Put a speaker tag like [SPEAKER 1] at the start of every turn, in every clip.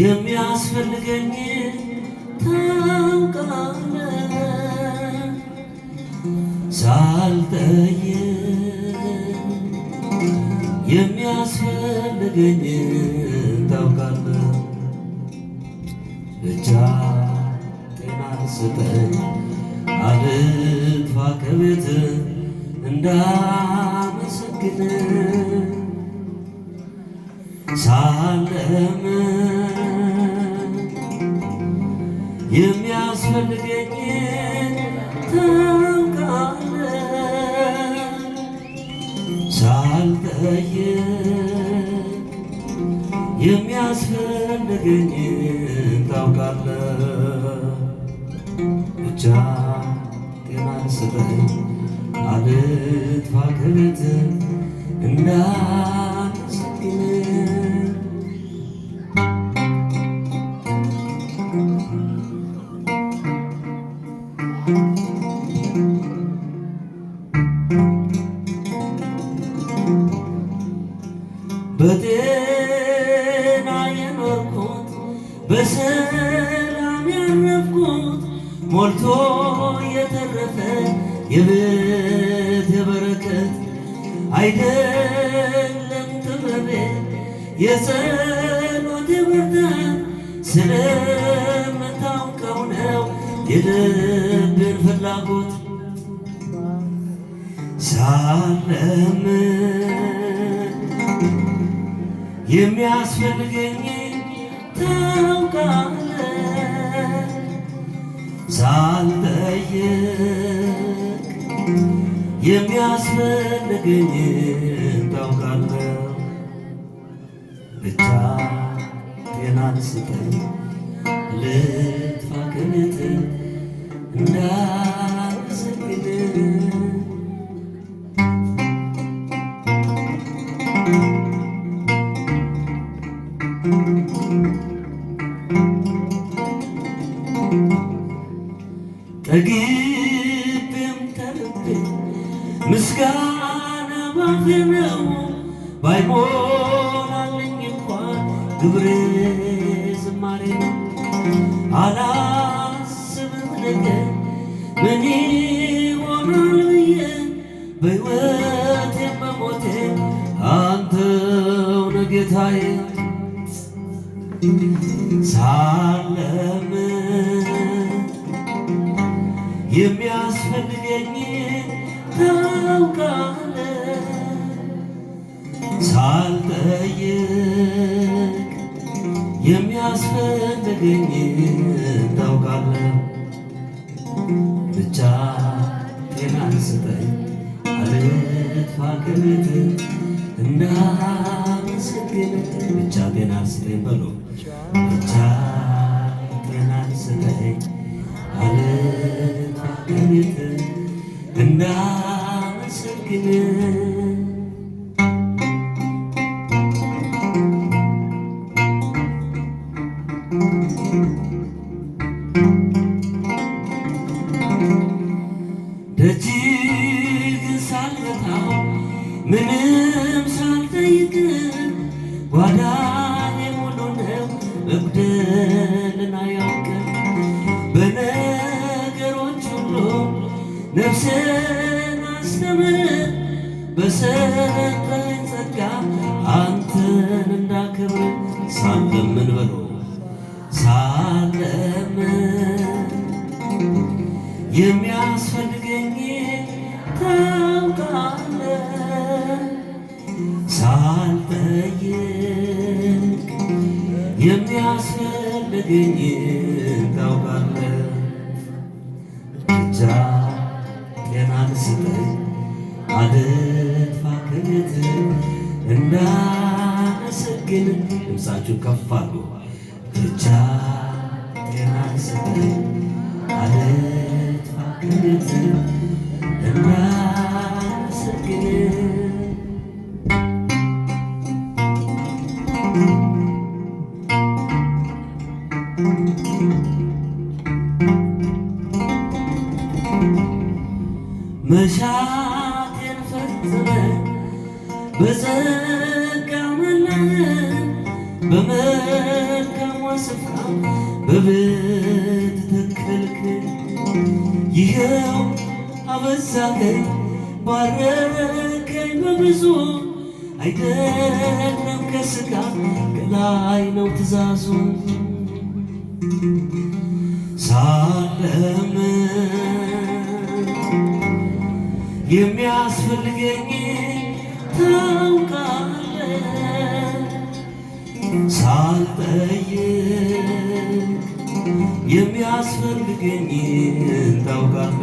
[SPEAKER 1] የሚያስፈልገኝ ታውቃለ ሳልጠይቅ የሚያስፈልገኝ ሳልጠይቅ የሚያስፈልገኝ ታውቃለህ። ብቻ ጤና ስጠኝ አልጥፋ ከቤት የጸሎት ብርታት ስለምታውቀው ነው የልብን ፍላጎት ሳለምን የሚያስፈልገኝ ታውቃለህ ሳልጠይቅ የሚያስፈልገኝ ብቻ ጤናን ስጠኝ ልጥፋ እንዳ የሚያስፈልገኝ ታውቃለህ። ብቻ ጤናን ስጠኝ ከቤት እንዳመሰግን ብቻ ጤናን ስጠኝ በሎ ብቻ ጤናን ስጠኝ ከቤት እንዳመሰግን 那些。ብቻ አበዛከኝ ባረከኝ በብዙ አይደለም ከሥጋ ከላይ ነው ትእዛዙ ሳለም የሚያስፈልገኝ ታውቃለ ሳልጠይቅ የሚያስፈልገኝ ታውቃለ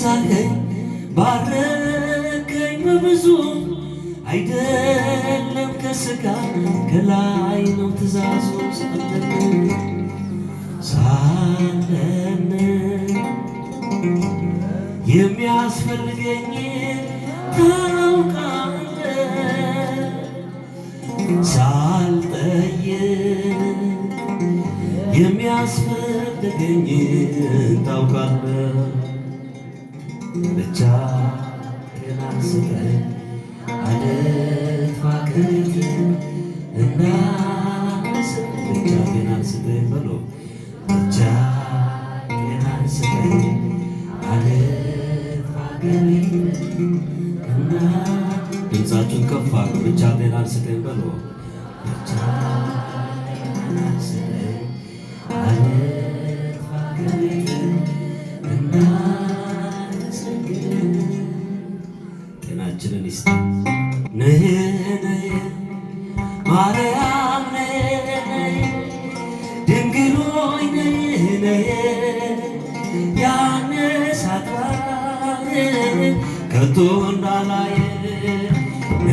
[SPEAKER 1] ሳልከኝ ባረከኝ በብዙ አይደለም ከስጋ ከላይ ነው ትእዛዙ ሳለን ሳለን የሚያስፈልገኝ friend.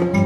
[SPEAKER 1] thank you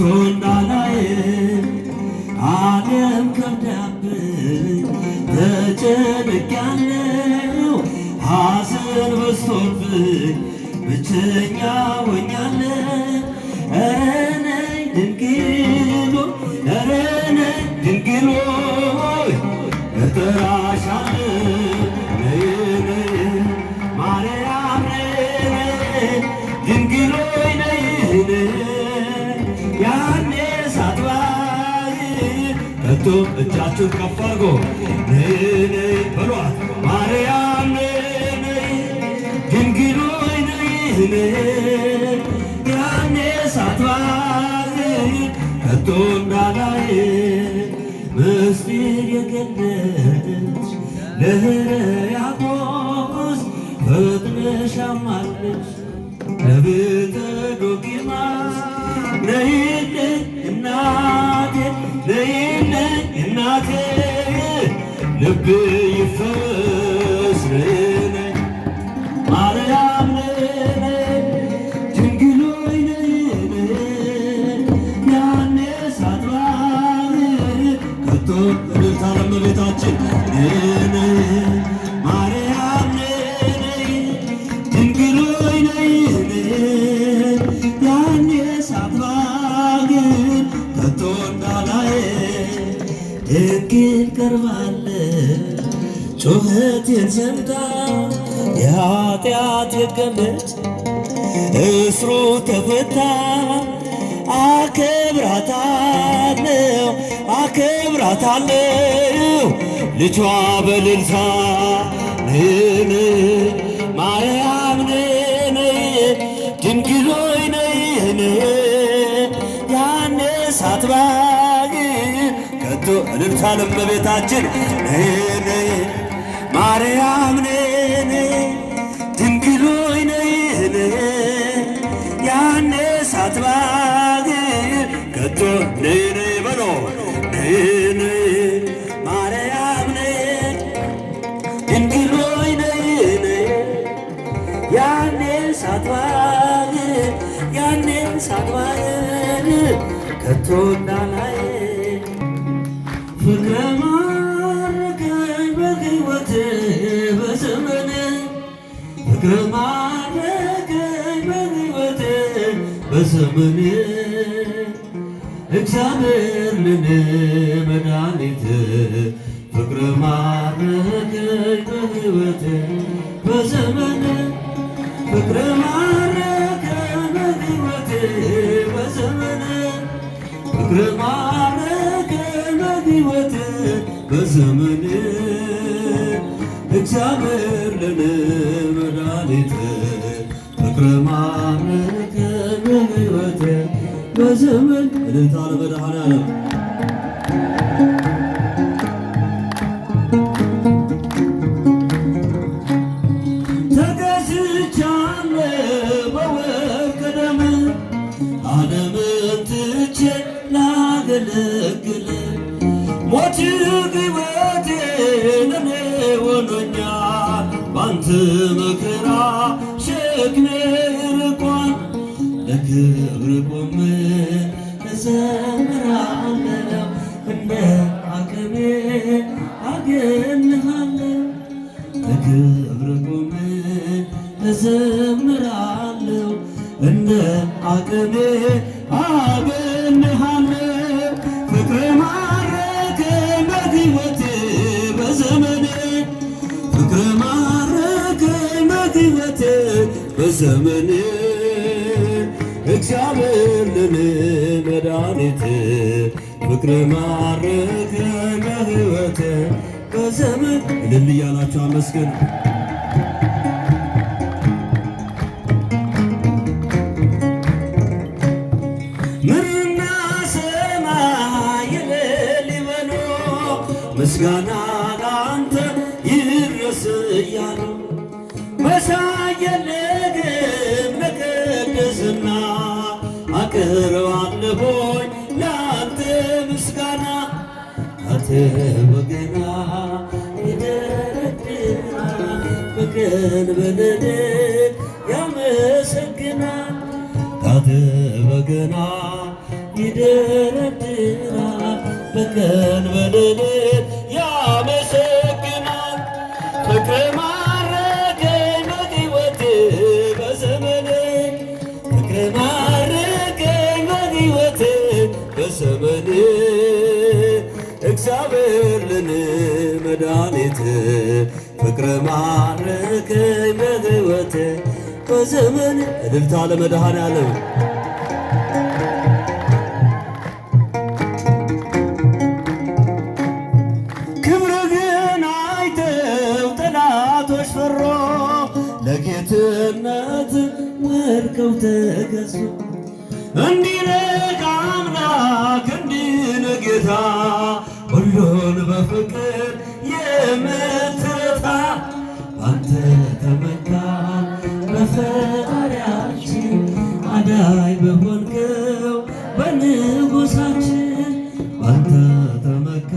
[SPEAKER 1] ጎና ላይ ዓለም ከብዳብኝ ተጨንቄያለሁ ሐዘን በዝቶብኝ ብቸኛ እጃችሁ ከፍ አድርጎ ነይ በሏት ማርያም ነይ ድንግል ሆይ ነይ ያኔ ሳትባል ከቶ እንዳላይ ምስጢር የገለጥሽ ለሕርያቆስ ፈጥነሽ አማለሽ ለቤተ ዶጌማ ነይልን እና በይልኝ እናቴ ልብ ይፈወስ በይልኝ ማርያም በይልኝ ድንግል ሆይ ያኔ ሳትባሪ ከቶ እልልታ ለእመቤታችን በይልኝ ግን ቀርባለ ጩኸቴን ሰምታ የኃጢአት ገመድ እስሩ ተፈታ። አከብራታለሁ አከብራታለሁ ልጇ በልልታ ልል ማርያም መልእክት በቤታችን ነይ ማርያም ነይ ድንግል ነይ ያኔ ሳትባገኝ ከቶ ነይ ነይ በሎ ያኔ ያኔ ከቶ ዘመን እግዚአብሔር ልን መድኃኒት ፍቅር ማረከኝ በሕይወት በዘመን ፍቅር ማረከኝ በሕይወት በዘመን ፍቅር ማረከኝ በሕይወት በዘመን እግዚአብሔር ልን መድኃኒት ፍቅር ማረከኝ ዘመን እልልታን መድኃኔዓለም ተገዝቻለሁ በወርቅ ደም ዓለምን ባንተ መከራ ሸክሜ ርቋል ለክብር ምስጋና ላንተ ይድረስ እያሉ በሳየልግም በቅድስና አቅርባለሆይ ምስጋና አንተ በገና ይደረድና በቀን አንተ በገና ይደረድና በቀን በሌሊት ያመሰግናል ፍቅር ማረከኝ በሕይወቴ በዘመኔ ፍቅር ማረከኝ በሕይወቴ በዘመኔ እግዚአብሔር ለኔ መድኃኒቴ ፍቅር ማረከኝ በሕይወቴ በዘመኔ እልልታ ለመድኃኔዓለም አድርገው ተገዙ። እንዲነግ አምላክ እንዲነግ ጌታ ሁሉን በፍቅር የምትረታ ባንተ ተመካ በፈጣሪያችን አዳይ በሆንከው በንጉሳችን ባንተ ተመካ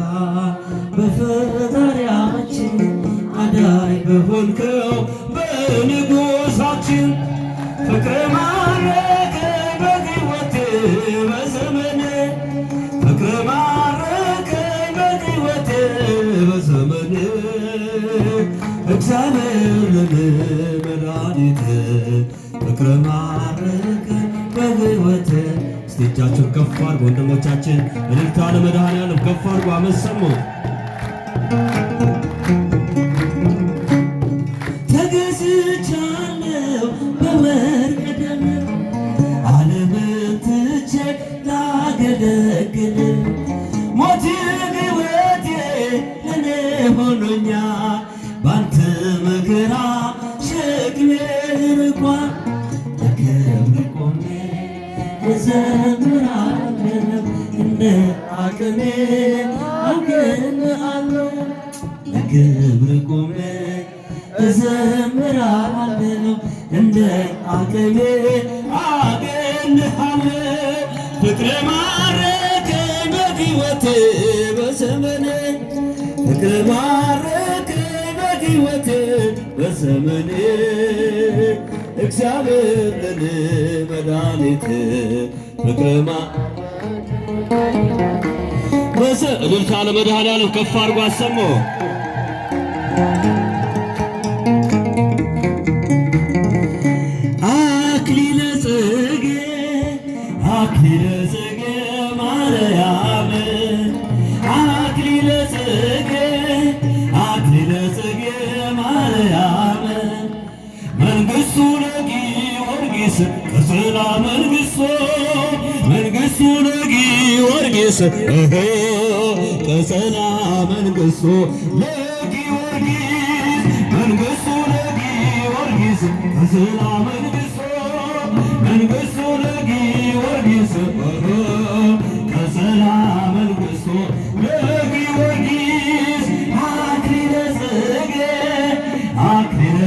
[SPEAKER 1] ከፋር ወንድሞቻችን እልልታ ለመድኃኔዓለም ከፋር አመት ሰሙ ተገዝቻለሁ በወርቅ ደም ዓለምን ትቼ ላገለግል ሞት ሕይወቴ ለኔ ባንተ ሸክሜ ቆሜ አቅሜ አውቅን አለው ለክብር ቆሜ እዘምራለሁ እንደ አቅሜ አቅን አለ ፍቅረ ማረከ በህይወቴ በዘመኔ ፍቅረ ማረከ በህይወቴ በዘመኔ እግዚአብሔር ለኔ መድኃኒቴ ፍቅረ ደረሰ። እልልታ ለመድኃኔዓለም ከፍ አድርጎ አክሊለ ጽጌ አክሊለ ጽጌ ማርያም አክሊለ ጽጌ አክሊለ ጽጌ ማርያም መንግሥቱ ለጊዮርጊስ ቅጽላ መንግሥቶ መንግሥቱ ለጊዮርጊስ ተሰላ መንግሥቱ ለጊዮርጊስ መንግሥቱ ለጊዮርጊስ ተሰላ መንግሥቱ ለጊዮርጊስ አክሊለ ጽጌ አክሊለ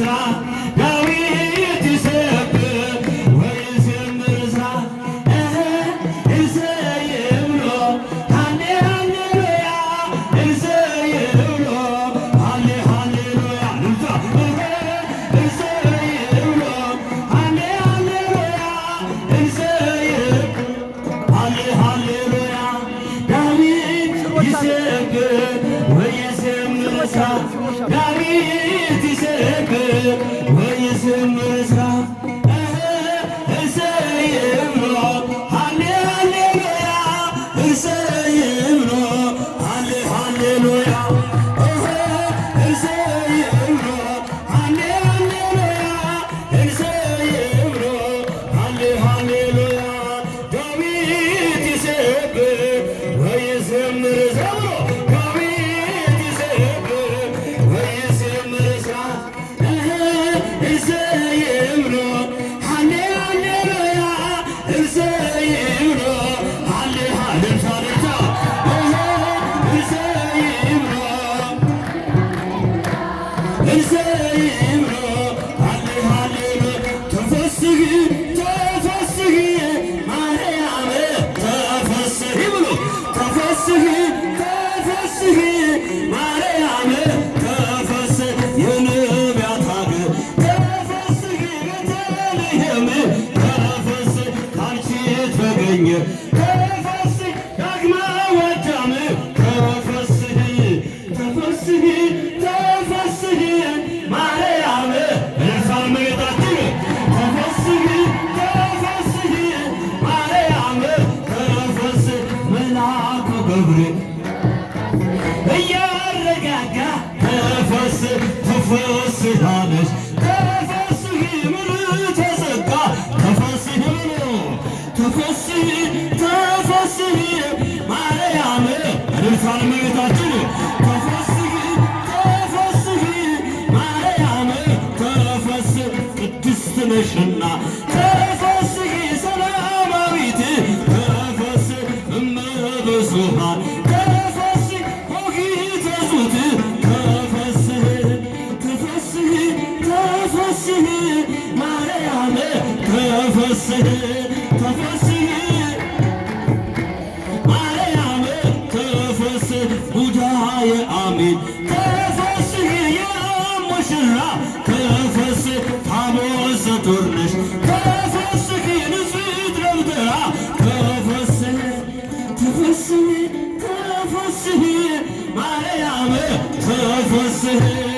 [SPEAKER 1] दूसरा শুননা você